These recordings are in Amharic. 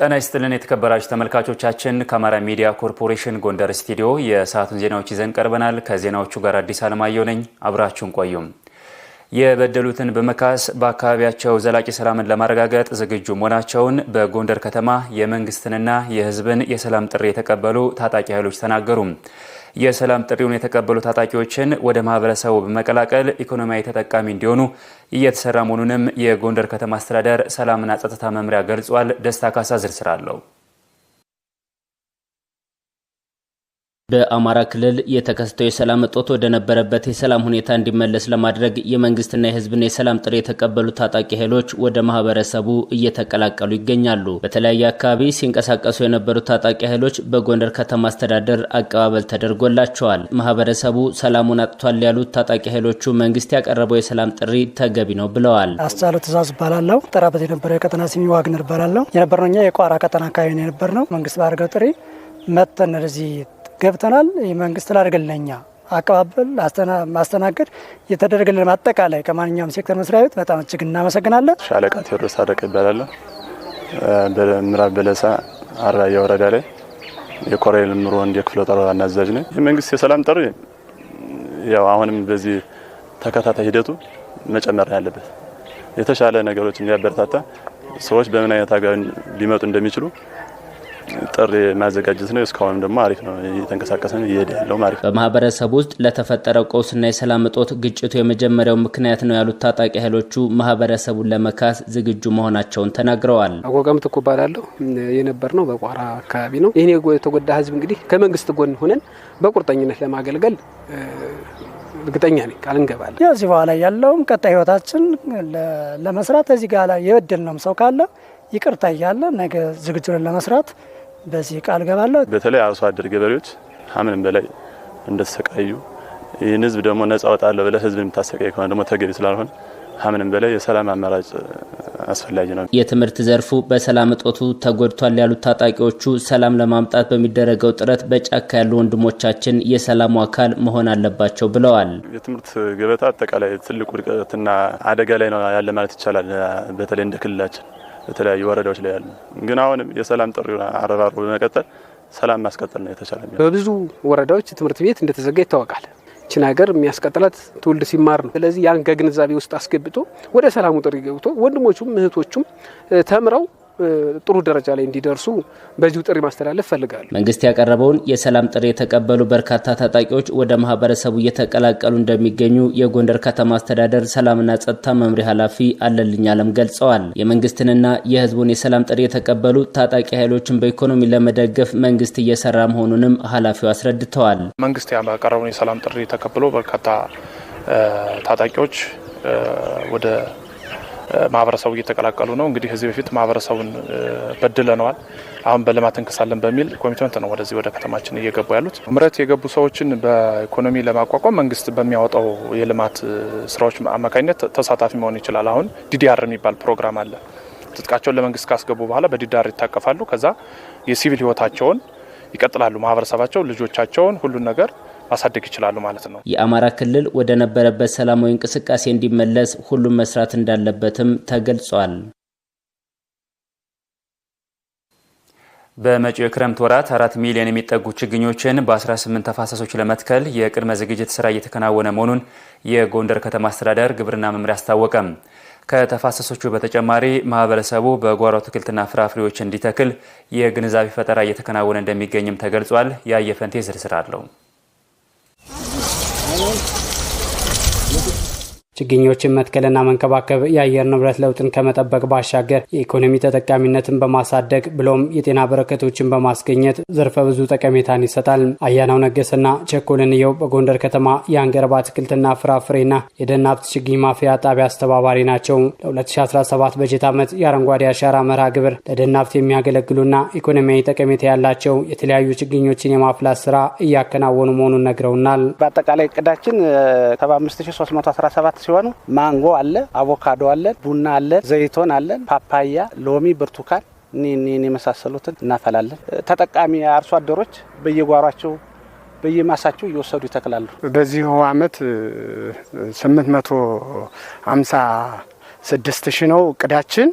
ጤና ይስጥልን የተከበራችሁ ተመልካቾቻችን፣ ከአማራ ሚዲያ ኮርፖሬሽን ጎንደር ስቱዲዮ የሰዓቱን ዜናዎች ይዘን ቀርበናል። ከዜናዎቹ ጋር አዲስ አለማየሁ ነኝ። አብራችሁን ቆዩም። የበደሉትን በመካስ በአካባቢያቸው ዘላቂ ሰላምን ለማረጋገጥ ዝግጁ መሆናቸውን በጎንደር ከተማ የመንግስትንና የሕዝብን የሰላም ጥሪ የተቀበሉ ታጣቂ ኃይሎች ተናገሩ። የሰላም ጥሪውን የተቀበሉ ታጣቂዎችን ወደ ማህበረሰቡ በመቀላቀል ኢኮኖሚያዊ ተጠቃሚ እንዲሆኑ እየተሰራ መሆኑንም የጎንደር ከተማ አስተዳደር ሰላምና ጸጥታ መምሪያ ገልጿል። ደስታ ካሳ ዝርዝር አለው። በአማራ ክልል የተከሰተው የሰላም እጦት ወደ ነበረበት የሰላም ሁኔታ እንዲመለስ ለማድረግ የመንግስትና የህዝብን የሰላም ጥሪ የተቀበሉ ታጣቂ ኃይሎች ወደ ማህበረሰቡ እየተቀላቀሉ ይገኛሉ። በተለያየ አካባቢ ሲንቀሳቀሱ የነበሩ ታጣቂ ኃይሎች በጎንደር ከተማ አስተዳደር አቀባበል ተደርጎላቸዋል። ማህበረሰቡ ሰላሙን አጥቷል ያሉት ታጣቂ ኃይሎቹ መንግስት ያቀረበው የሰላም ጥሪ ተገቢ ነው ብለዋል። አስቻለ ትእዛዝ እባላለሁ። ጠራበት የነበረው የቀጠና ሲሚ ዋግነር እባላለሁ። የነበርነው የቋራ ቀጠና አካባቢ ነው የነበርነው። መንግስት ባደረገው ጥሪ መጥተን ወደዚህ ገብተናል። መንግስት ላደርግልኛ አቀባበል ማስተናገድ የተደረገልን አጠቃላይ ከማንኛውም ሴክተር መስሪያ ቤት በጣም እጅግ እናመሰግናለን። ሻለቃ ቴዎድሮስ አደቀ ይባላለሁ። በምዕራብ በለሳ አራያ ወረዳ ላይ የኮሬል ምሮ ወንድ የክፍለ ጦር ዋና ነኝ። የመንግስት የሰላም ጥሪ ያው አሁንም በዚህ ተከታታይ ሂደቱ መጨመር ያለበት የተሻለ ነገሮች እንዲያበረታታ ሰዎች በምን አይነት ሀገር ሊመጡ እንደሚችሉ ጥሪ ማዘጋጀት ነው። እስካሁንም ደግሞ አሪፍ ነው እየተንቀሳቀሰ ነው እየሄደ ያለው አሪፍ። በማህበረሰብ ውስጥ ለተፈጠረው ቀውስና የሰላም እጦት ግጭቱ የመጀመሪያው ምክንያት ነው ያሉት ታጣቂ ኃይሎቹ ማህበረሰቡን ለመካስ ዝግጁ መሆናቸውን ተናግረዋል። አቆቀም ትኩ እባላለሁ። የነበር ነው በቋራ አካባቢ ነው። ይህን የተጎዳ ህዝብ እንግዲህ ከመንግስት ጎን ሆነን በቁርጠኝነት ለማገልገል እርግጠኛ ነኝ። ቃል እንገባለን። ከዚህ በኋላ ያለውም ቀጣይ ህይወታችን ለመስራት እዚህ ጋር የበደልነውም ሰው ካለ ይቅርታ እያለ ነገ ዝግጁን ለመስራት በዚህ ቃል ገባለሁ። በተለይ አርሶ አደር ገበሬዎች ከምንም በላይ እንደተሰቃዩ ይህን ህዝብ ደግሞ ነጻ ወጣለሁ ብለህ ህዝብ የምታሰቃይ ከሆነ ደግሞ ተገቢ ስላልሆነ ከምንም በላይ የሰላም አማራጭ አስፈላጊ ነው። የትምህርት ዘርፉ በሰላም እጦቱ ተጎድቷል ያሉት ታጣቂዎቹ ሰላም ለማምጣት በሚደረገው ጥረት በጫካ ያሉ ወንድሞቻችን የሰላሙ አካል መሆን አለባቸው ብለዋል። የትምህርት ገበታ አጠቃላይ ትልቁ ውድቀትና አደጋ ላይ ነው ያለ ማለት ይቻላል። በተለይ እንደ ክልላችን በተለያዩ ወረዳዎች ላይ ያሉ ግን አሁንም የሰላም ጥሪ አረራሩ በመቀጠል ሰላም ማስቀጠል ነው የተቻለ። በብዙ ወረዳዎች ትምህርት ቤት እንደተዘጋ ይታወቃል። ችን ሀገር የሚያስቀጥላት ትውልድ ሲማር ነው። ስለዚህ ያን ከግንዛቤ ውስጥ አስገብቶ ወደ ሰላሙ ጥሪ ገብቶ ወንድሞቹም እህቶቹም ተምረው ጥሩ ደረጃ ላይ እንዲደርሱ በዚሁ ጥሪ ማስተላለፍ ፈልጋሉ። መንግስት ያቀረበውን የሰላም ጥሪ የተቀበሉ በርካታ ታጣቂዎች ወደ ማህበረሰቡ እየተቀላቀሉ እንደሚገኙ የጎንደር ከተማ አስተዳደር ሰላምና ጸጥታ መምሪያ ኃላፊ አለልኝ አለም ገልጸዋል። የመንግስትንና የህዝቡን የሰላም ጥሪ የተቀበሉ ታጣቂ ኃይሎችን በኢኮኖሚ ለመደገፍ መንግስት እየሰራ መሆኑንም ኃላፊው አስረድተዋል። መንግስት ያቀረበውን የሰላም ጥሪ ተቀብሎ በርካታ ታጣቂዎች ወደ ማህበረሰቡ እየተቀላቀሉ ነው። እንግዲህ ከዚህ በፊት ማህበረሰቡን በድለነዋል፣ አሁን በልማት እንክሳለን በሚል ኮሚትመንት ነው ወደዚህ ወደ ከተማችን እየገቡ ያሉት። ምረት የገቡ ሰዎችን በኢኮኖሚ ለማቋቋም መንግስት በሚያወጣው የልማት ስራዎች አማካኝነት ተሳታፊ መሆን ይችላል። አሁን ዲዲአር የሚባል ፕሮግራም አለ። ትጥቃቸውን ለመንግስት ካስገቡ በኋላ በዲዳር ይታቀፋሉ። ከዛ የሲቪል ህይወታቸውን ይቀጥላሉ። ማህበረሰባቸው ልጆቻቸውን ሁሉን ነገር ማሳደግ ይችላሉ ማለት ነው። የአማራ ክልል ወደ ነበረበት ሰላማዊ እንቅስቃሴ እንዲመለስ ሁሉም መስራት እንዳለበትም ተገልጿል። በመጪው የክረምት ወራት አራት ሚሊዮን የሚጠጉ ችግኞችን በ18 ተፋሰሶች ለመትከል የቅድመ ዝግጅት ስራ እየተከናወነ መሆኑን የጎንደር ከተማ አስተዳደር ግብርና መምሪያ አስታወቀም። ከተፋሰሶቹ በተጨማሪ ማህበረሰቡ በጓሮ አትክልትና ፍራፍሬዎች እንዲተክል የግንዛቤ ፈጠራ እየተከናወነ እንደሚገኝም ተገልጿል። ያየፈንቴ ዝርዝር አለው። Thank ችግኞችን መትከልና መንከባከብ የአየር ንብረት ለውጥን ከመጠበቅ ባሻገር የኢኮኖሚ ተጠቃሚነትን በማሳደግ ብሎም የጤና በረከቶችን በማስገኘት ዘርፈ ብዙ ጠቀሜታን ይሰጣል። አያናው ነገስና ቸኮልንየው በጎንደር ከተማ የአንገረብ አትክልትና ፍራፍሬና የደን ሀብት ችግኝ ማፍያ ጣቢያ አስተባባሪ ናቸው። ለ2017 በጀት ዓመት የአረንጓዴ አሻራ መርሃ ግብር ለደን ሀብት የሚያገለግሉና ኢኮኖሚያዊ ጠቀሜታ ያላቸው የተለያዩ ችግኞችን የማፍላት ስራ እያከናወኑ መሆኑን ነግረውናል። በአጠቃላይ እቅዳችን 75317 ሲሆኑ ማንጎ አለ፣ አቮካዶ አለን፣ ቡና አለን፣ ዘይቶን አለን፣ ፓፓያ፣ ሎሚ፣ ብርቱካን እኒህን የመሳሰሉትን እናፈላለን። ተጠቃሚ አርሶ አደሮች በየጓሯቸው በየማሳቸው እየወሰዱ ይተክላሉ። በዚሁ አመት 856 ሺ ነው እቅዳችን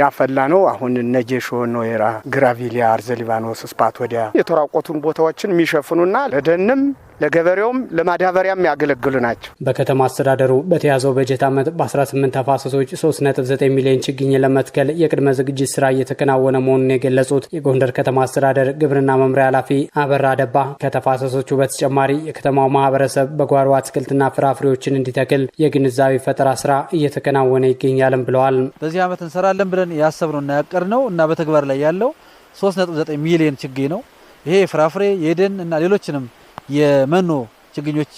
ያፈላ ነው። አሁን ነጌሾ፣ ኖራ፣ ግራቪሊያ፣ አርዘ ሊባኖስ፣ ስፓት ወዲያ የተራቆቱን ቦታዎችን የሚሸፍኑና ለደንም ለገበሬውም ለማዳበሪያም ያገለግሉ ናቸው። በከተማ አስተዳደሩ በተያዘው በጀት ዓመት በ18 ተፋሰሶች 3.9 ሚሊዮን ችግኝ ለመትከል የቅድመ ዝግጅት ስራ እየተከናወነ መሆኑን የገለጹት የጎንደር ከተማ አስተዳደር ግብርና መምሪያ ኃላፊ አበራ ደባ ከተፋሰሶቹ በተጨማሪ የከተማው ማህበረሰብ በጓሮ አትክልትና ፍራፍሬዎችን እንዲተክል የግንዛቤ ፈጠራ ስራ እየተከናወነ ይገኛልም ብለዋል። በዚህ ዓመት እንሰራለን ብለን ያሰብነው እና ያቀድነው እና በተግባር ላይ ያለው 3.9 ሚሊዮን ችግኝ ነው። ይሄ ፍራፍሬ የደን እና ሌሎችንም የመኖ ችግኞች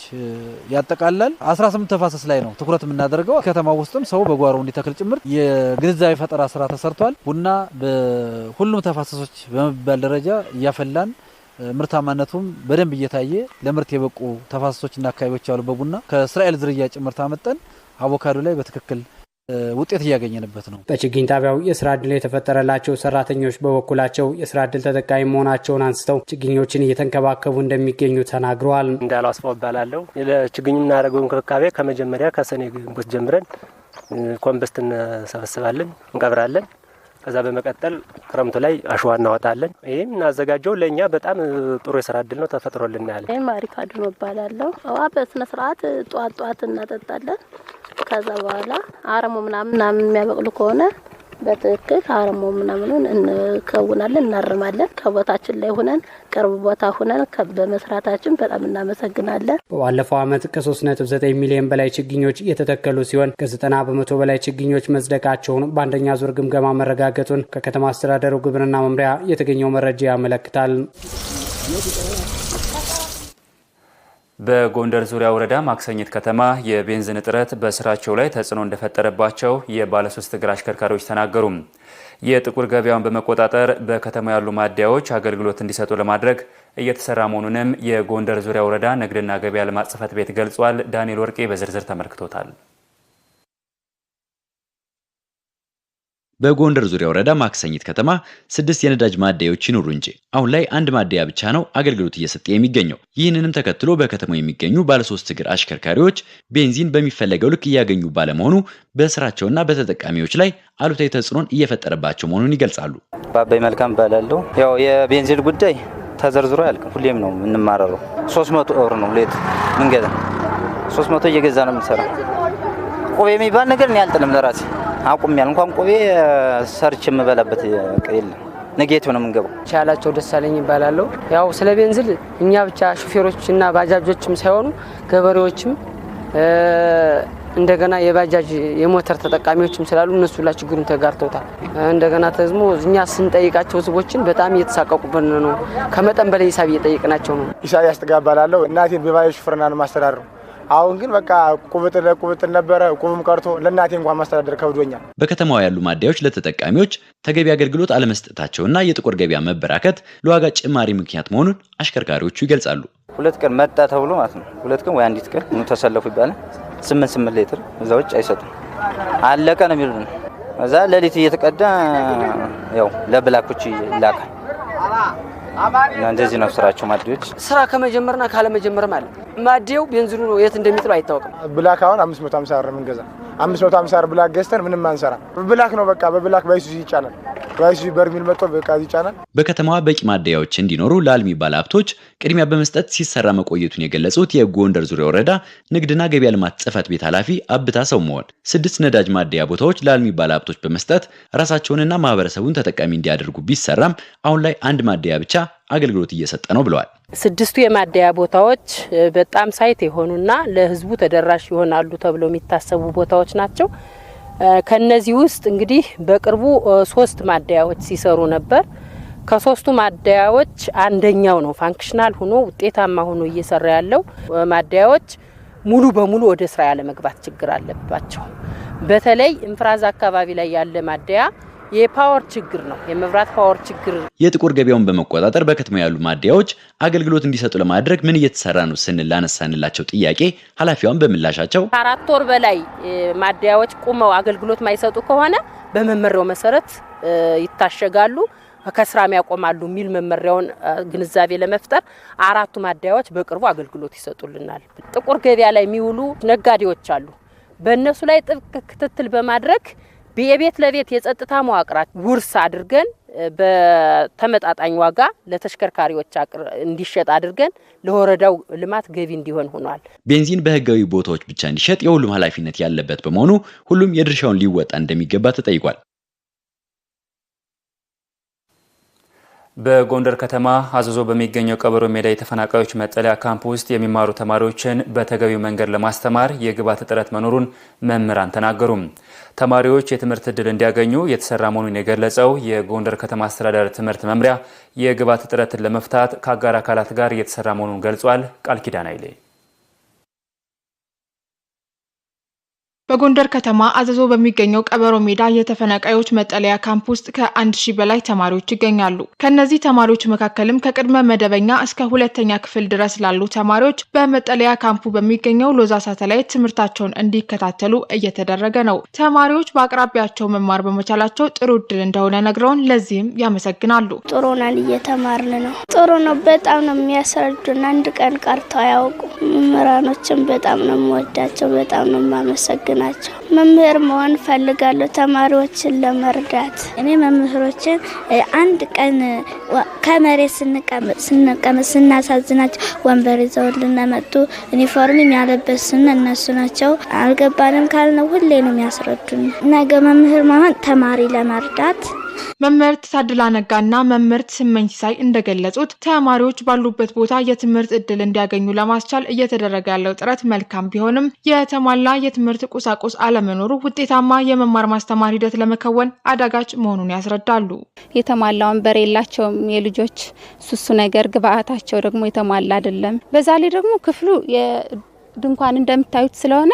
ያጠቃላል። 18 ተፋሰስ ላይ ነው ትኩረት የምናደርገው። ከተማ ውስጥም ሰው በጓሮ እንዲተክል ጭምር የግንዛቤ ፈጠራ ስራ ተሰርቷል። ቡና በሁሉም ተፋሰሶች በመባል ደረጃ እያፈላን ምርታማነቱም በደንብ እየታየ ለምርት የበቁ ተፋሰሶችና አካባቢዎች ያሉ በቡና ከእስራኤል ዝርያ ጭምር ታመጠን አቮካዶ ላይ በትክክል ውጤት እያገኘንበት ነው። በችግኝ ጣቢያው የስራ እድል የተፈጠረላቸው ሰራተኞች በበኩላቸው የስራ እድል ተጠቃሚ መሆናቸውን አንስተው ችግኞችን እየተንከባከቡ እንደሚገኙ ተናግረዋል። እንዳለው አስፋው እባላለሁ። ለችግኝ የምናደርገው እንክብካቤ ከመጀመሪያ ከሰኔ ግንቦት ጀምረን ኮምበስት እንሰበስባለን፣ እንቀብራለን። ከዛ በመቀጠል ክረምቱ ላይ አሸዋ እናወጣለን። ይህም እናዘጋጀው ለእኛ በጣም ጥሩ የስራ እድል ነው ተፈጥሮልናል። ማሪካድኖ እባላለሁ። ውሃ በስነስርዓት ጠዋት ጠዋት እናጠጣለን ከዛ በኋላ አረሞ ምናምን ምናምን የሚያበቅሉ ከሆነ በትክክል አረሙ ምናምኑን እንከውናለን፣ እናርማለን። ከቦታችን ላይ ሁነን ቅርብ ቦታ ሁነን በመስራታችን በጣም እናመሰግናለን። በባለፈው ዓመት ከ3.9 ሚሊዮን በላይ ችግኞች የተተከሉ ሲሆን ከ90 በመቶ በላይ ችግኞች መጽደቃቸውን በአንደኛ ዙር ግምገማ መረጋገጡን ከከተማ አስተዳደሩ ግብርና መምሪያ የተገኘው መረጃ ያመለክታል። በጎንደር ዙሪያ ወረዳ ማክሰኝት ከተማ የቤንዝን እጥረት በስራቸው ላይ ተጽዕኖ እንደፈጠረባቸው የባለሶስት እግር አሽከርካሪዎች ተናገሩ። የጥቁር ገበያውን በመቆጣጠር በከተማ ያሉ ማደያዎች አገልግሎት እንዲሰጡ ለማድረግ እየተሰራ መሆኑንም የጎንደር ዙሪያ ወረዳ ንግድና ገበያ ልማት ጽሕፈት ቤት ገልጿል። ዳንኤል ወርቄ በዝርዝር ተመልክቶታል። በጎንደር ዙሪያ ወረዳ ማክሰኝት ከተማ ስድስት የነዳጅ ማደያዎች ይኑሩ እንጂ አሁን ላይ አንድ ማደያ ብቻ ነው አገልግሎት እየሰጠ የሚገኘው። ይህንንም ተከትሎ በከተማው የሚገኙ ባለሶስት እግር አሽከርካሪዎች ቤንዚን በሚፈለገው ልክ እያገኙ ባለመሆኑ በስራቸውና በተጠቃሚዎች ላይ አሉታዊ ተጽዕኖን እየፈጠረባቸው መሆኑን ይገልጻሉ። በአባይ መልካም እባላለሁ። ያው የቤንዚን ጉዳይ ተዘርዝሮ አያልቅም። ሁሌም ነው የምንማረረው። ሶስት መቶ ብር ነው ሌት ምንገዛ ሶስት መቶ እየገዛ ነው የምንሰራ። ቆብ የሚባል ነገር እኔ አልጥልም ለራሴ አቁሜያለሁ። እንኳን ቁቤ ሰርች የምበላበት የለም። ነጌቱ ነው የምንገባው። ቻላቸው ደሳለኝ ይባላለሁ። ያው ስለ ቤንዝል እኛ ብቻ ሹፌሮች እና ባጃጆችም ሳይሆኑ ገበሬዎችም እንደገና የባጃጅ የሞተር ተጠቃሚዎችም ስላሉ እነሱ ላ ችግሩን ተጋርተውታል። እንደገና ተዝሞ እኛ ስንጠይቃቸው ህዝቦችን በጣም እየተሳቀቁብን ነው። ከመጠን በላይ ሂሳብ እየጠየቅናቸው ነው። ኢሳያስ ጥጋ እባላለሁ። እናቴን በባዮ ሹፍርና ነው ማስተዳድረው አሁን ግን በቃ ቁብጥ ለቁብጥ ነበረ። ቁብም ቀርቶ ለእናቴ እንኳን ማስተዳደር ከብዶኛል። በከተማዋ ያሉ ማደያዎች ለተጠቃሚዎች ተገቢ አገልግሎት አለመስጠታቸውና የጥቁር ገበያ መበራከት ለዋጋ ጭማሪ ምክንያት መሆኑን አሽከርካሪዎቹ ይገልጻሉ። ሁለት ቀን መጣ ተብሎ ማለት ነው። ሁለት ቀን ወይ አንዲት ቀን ኑ ተሰለፉ ይባላል። ስምንት ስምንት ሌትር እዛ ውጭ አይሰጡም። አለቀ ነው የሚሉ እዛ ሌሊት እየተቀዳ ያው ለብላኮች ይላካል እና እንደዚህ ነው ስራቸው። ማዴዎች ስራ ከመጀመርና ካለመጀመርም አለ። ማዴው ቤንዚኑ ነው የት እንደሚጥለው አይታወቅም። ብላክ አሁን 550 መቶ ሀምሳ ብር የምንገዛ አምስት ብር ብላክ ገዝተን ምንም አንሰራ። ብላክ ነው በቃ በብላክ ባይሱዚ ይጫናል ራይሱ በርሚል መጥቶ በቃ ይጫናል። በከተማዋ በቂ ማደያዎች እንዲኖሩ ለአልሚ ባለ ሀብቶች ቅድሚያ በመስጠት ሲሰራ መቆየቱን የገለጹት የጎንደር ዙሪያ ወረዳ ንግድና ገበያ ልማት ጽሕፈት ቤት ኃላፊ አብታ ሰው መሆን ስድስት ነዳጅ ማደያ ቦታዎች ለአልሚ ባለ ሀብቶች በመስጠት ራሳቸውንና ማህበረሰቡን ተጠቃሚ እንዲያደርጉ ቢሰራም አሁን ላይ አንድ ማደያ ብቻ አገልግሎት እየሰጠ ነው ብለዋል። ስድስቱ የማደያ ቦታዎች በጣም ሳይት የሆኑና ለህዝቡ ተደራሽ ይሆናሉ ተብለው የሚታሰቡ ቦታዎች ናቸው። ከነዚህ ውስጥ እንግዲህ በቅርቡ ሶስት ማደያዎች ሲሰሩ ነበር። ከሶስቱ ማደያዎች አንደኛው ነው ፋንክሽናል ሆኖ ውጤታማ ሆኖ እየሰራ ያለው። ማደያዎች ሙሉ በሙሉ ወደ ስራ ያለመግባት ችግር አለባቸው። በተለይ እንፍራዝ አካባቢ ላይ ያለ ማደያ የፓወር ችግር ነው፣ የመብራት ፓወር ችግር። የጥቁር ገበያውን በመቆጣጠር በከተማ ያሉ ማደያዎች አገልግሎት እንዲሰጡ ለማድረግ ምን እየተሰራ ነው ስንል ላነሳንላቸው ጥያቄ ኃላፊዋን በምላሻቸው ከአራት ወር በላይ ማደያዎች ቁመው አገልግሎት ማይሰጡ ከሆነ በመመሪያው መሰረት ይታሸጋሉ ከስራም ያቆማሉ የሚል መመሪያውን ግንዛቤ ለመፍጠር አራቱ ማደያዎች በቅርቡ አገልግሎት ይሰጡልናል። ጥቁር ገበያ ላይ የሚውሉ ነጋዴዎች አሉ። በእነሱ ላይ ጥብቅ ክትትል በማድረግ የቤት ለቤት የጸጥታ መዋቅራት ውርስ አድርገን በተመጣጣኝ ዋጋ ለተሽከርካሪዎች እንዲሸጥ አድርገን ለወረዳው ልማት ገቢ እንዲሆን ሆኗል። ቤንዚን በህጋዊ ቦታዎች ብቻ እንዲሸጥ የሁሉም ኃላፊነት ያለበት በመሆኑ ሁሉም የድርሻውን ሊወጣ እንደሚገባ ተጠይቋል። በጎንደር ከተማ አዘዞ በሚገኘው ቀበሮ ሜዳ የተፈናቃዮች መጠለያ ካምፕ ውስጥ የሚማሩ ተማሪዎችን በተገቢው መንገድ ለማስተማር የግብዓት እጥረት መኖሩን መምህራን ተናገሩም። ተማሪዎች የትምህርት እድል እንዲያገኙ የተሰራ መሆኑን የገለጸው የጎንደር ከተማ አስተዳደር ትምህርት መምሪያ የግብዓት እጥረትን ለመፍታት ከአጋር አካላት ጋር እየተሰራ መሆኑን ገልጿል። ቃል ኪዳን አይሌ በጎንደር ከተማ አዘዞ በሚገኘው ቀበሮ ሜዳ የተፈናቃዮች መጠለያ ካምፕ ውስጥ ከአንድ ሺህ በላይ ተማሪዎች ይገኛሉ። ከእነዚህ ተማሪዎች መካከልም ከቅድመ መደበኛ እስከ ሁለተኛ ክፍል ድረስ ላሉ ተማሪዎች በመጠለያ ካምፑ በሚገኘው ሎዛ ሳተላይት ትምህርታቸውን እንዲከታተሉ እየተደረገ ነው። ተማሪዎች በአቅራቢያቸው መማር በመቻላቸው ጥሩ እድል እንደሆነ ነግረውን ለዚህም ያመሰግናሉ። ጥሩ ነን፣ እየተማርን ነው። ጥሩ ነው። በጣም ነው የሚያስረዱን። አንድ ቀን ቀርተው አያውቁ። መምህራኖችን በጣም ነው የምወዳቸው። በጣም ነው የማመሰግናል ናቸው። መምህር መሆን ፈልጋለሁ ተማሪዎችን ለመርዳት። እኔ መምህሮችን አንድ ቀን ከመሬት ስንቀመጥ ስናሳዝናቸው ወንበር ይዘውልን መጡ። ዩኒፎርም የሚያለበስን እነሱ ናቸው። አልገባንም ካልነው ሁሌ ነው የሚያስረዱን። ነገ መምህር መሆን ተማሪ ለመርዳት መምህርት ታድላ ነጋና መምህርት ስመኝ ሲሳይ እንደገለጹት ተማሪዎች ባሉበት ቦታ የትምህርት እድል እንዲያገኙ ለማስቻል እየተደረገ ያለው ጥረት መልካም ቢሆንም የተሟላ የትምህርት ቁሳቁስ አለመኖሩ ውጤታማ የመማር ማስተማር ሂደት ለመከወን አዳጋች መሆኑን ያስረዳሉ። የተሟላ ወንበር የላቸውም የልጆች ሱሱ ነገር ግብአታቸው ደግሞ የተሟላ አይደለም። በዛ ላይ ደግሞ ክፍሉ ድንኳን እንደምታዩት ስለሆነ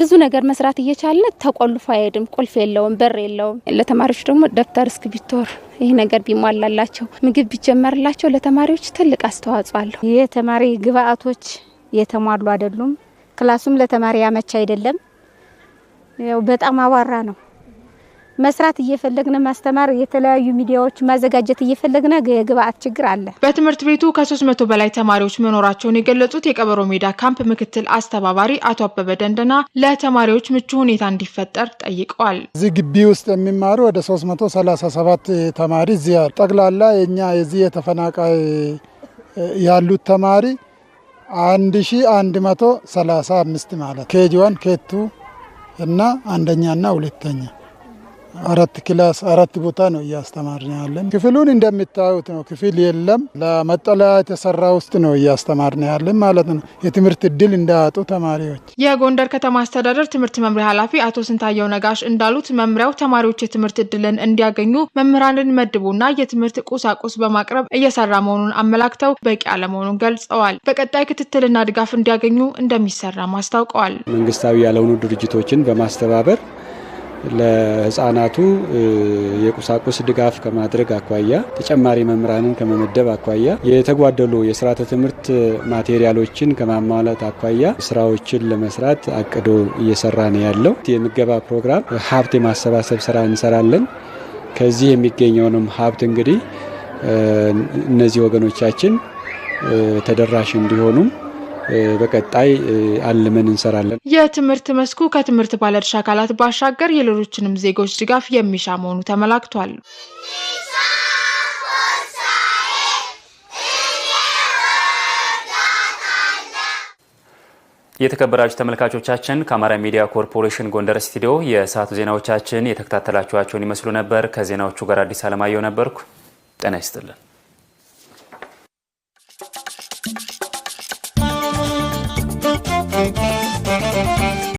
ብዙ ነገር መስራት እየቻለ ተቆልፎ አይሄድም። ቁልፍ የለውም፣ በር የለውም። ለተማሪዎች ደግሞ ደብተር፣ እስክሪብቶ ይህ ነገር ቢሟላላቸው ምግብ ቢጀመርላቸው ለተማሪዎች ትልቅ አስተዋጽኦ አለሁ። የተማሪ ግብአቶች የተሟሉ አይደሉም። ክላሱም ለተማሪ ያመቻ አይደለም። ያው በጣም አቧራ ነው። መስራት እየፈለግነ ማስተማር፣ የተለያዩ ሚዲያዎች ማዘጋጀት እየፈለግነ የግብአት ችግር አለ። በትምህርት ቤቱ ከሶስት መቶ በላይ ተማሪዎች መኖራቸውን የገለጹት የቀበሮ ሜዳ ካምፕ ምክትል አስተባባሪ አቶ አበበ ደንደና ለተማሪዎች ምቹ ሁኔታ እንዲፈጠር ጠይቀዋል። እዚህ ግቢ ውስጥ የሚማሩ ወደ 337 ተማሪ እዚህ ጠቅላላ የኛ የዚህ የተፈናቃይ ያሉት ተማሪ 1135 ማለት ኬጂ ዋን ኬቱ እና አንደኛና ሁለተኛ አራት ክላስ አራት ቦታ ነው እያስተማርን ያለን። ክፍሉን እንደምታዩት ነው፣ ክፍል የለም። ለመጠለያ የተሰራ ውስጥ ነው እያስተማርን ያለን ማለት ነው። የትምህርት እድል እንዳያጡ ተማሪዎች። የጎንደር ከተማ አስተዳደር ትምህርት መምሪያ ኃላፊ አቶ ስንታየው ነጋሽ እንዳሉት መምሪያው ተማሪዎች የትምህርት እድልን እንዲያገኙ መምህራንን መድቡና የትምህርት ቁሳቁስ በማቅረብ እየሰራ መሆኑን አመላክተው በቂ አለመሆኑን ገልጸዋል። በቀጣይ ክትትልና ድጋፍ እንዲያገኙ እንደሚሰራም አስታውቀዋል። መንግስታዊ ያልሆኑ ድርጅቶችን በማስተባበር ለህፃናቱ የቁሳቁስ ድጋፍ ከማድረግ አኳያ ተጨማሪ መምህራንን ከመመደብ አኳያ የተጓደሉ የስርዓተ ትምህርት ማቴሪያሎችን ከማሟላት አኳያ ስራዎችን ለመስራት አቅዶ እየሰራ ነው ያለው። የምገባ ፕሮግራም ሀብት የማሰባሰብ ስራ እንሰራለን። ከዚህ የሚገኘውንም ሀብት እንግዲህ እነዚህ ወገኖቻችን ተደራሽ እንዲሆኑም በቀጣይ አልመን እንሰራለን። የትምህርት መስኩ ከትምህርት ባለድርሻ አካላት ባሻገር የሌሎችንም ዜጎች ድጋፍ የሚሻ መሆኑ ተመላክቷል። የተከበራችሁ ተመልካቾቻችን ከአማራ ሚዲያ ኮርፖሬሽን ጎንደር ስቱዲዮ የሰዓቱ ዜናዎቻችን የተከታተላችኋቸውን ይመስሉ ነበር። ከዜናዎቹ ጋር አዲስ አለማየሁ ነበርኩ። ጤና ይስጥልን።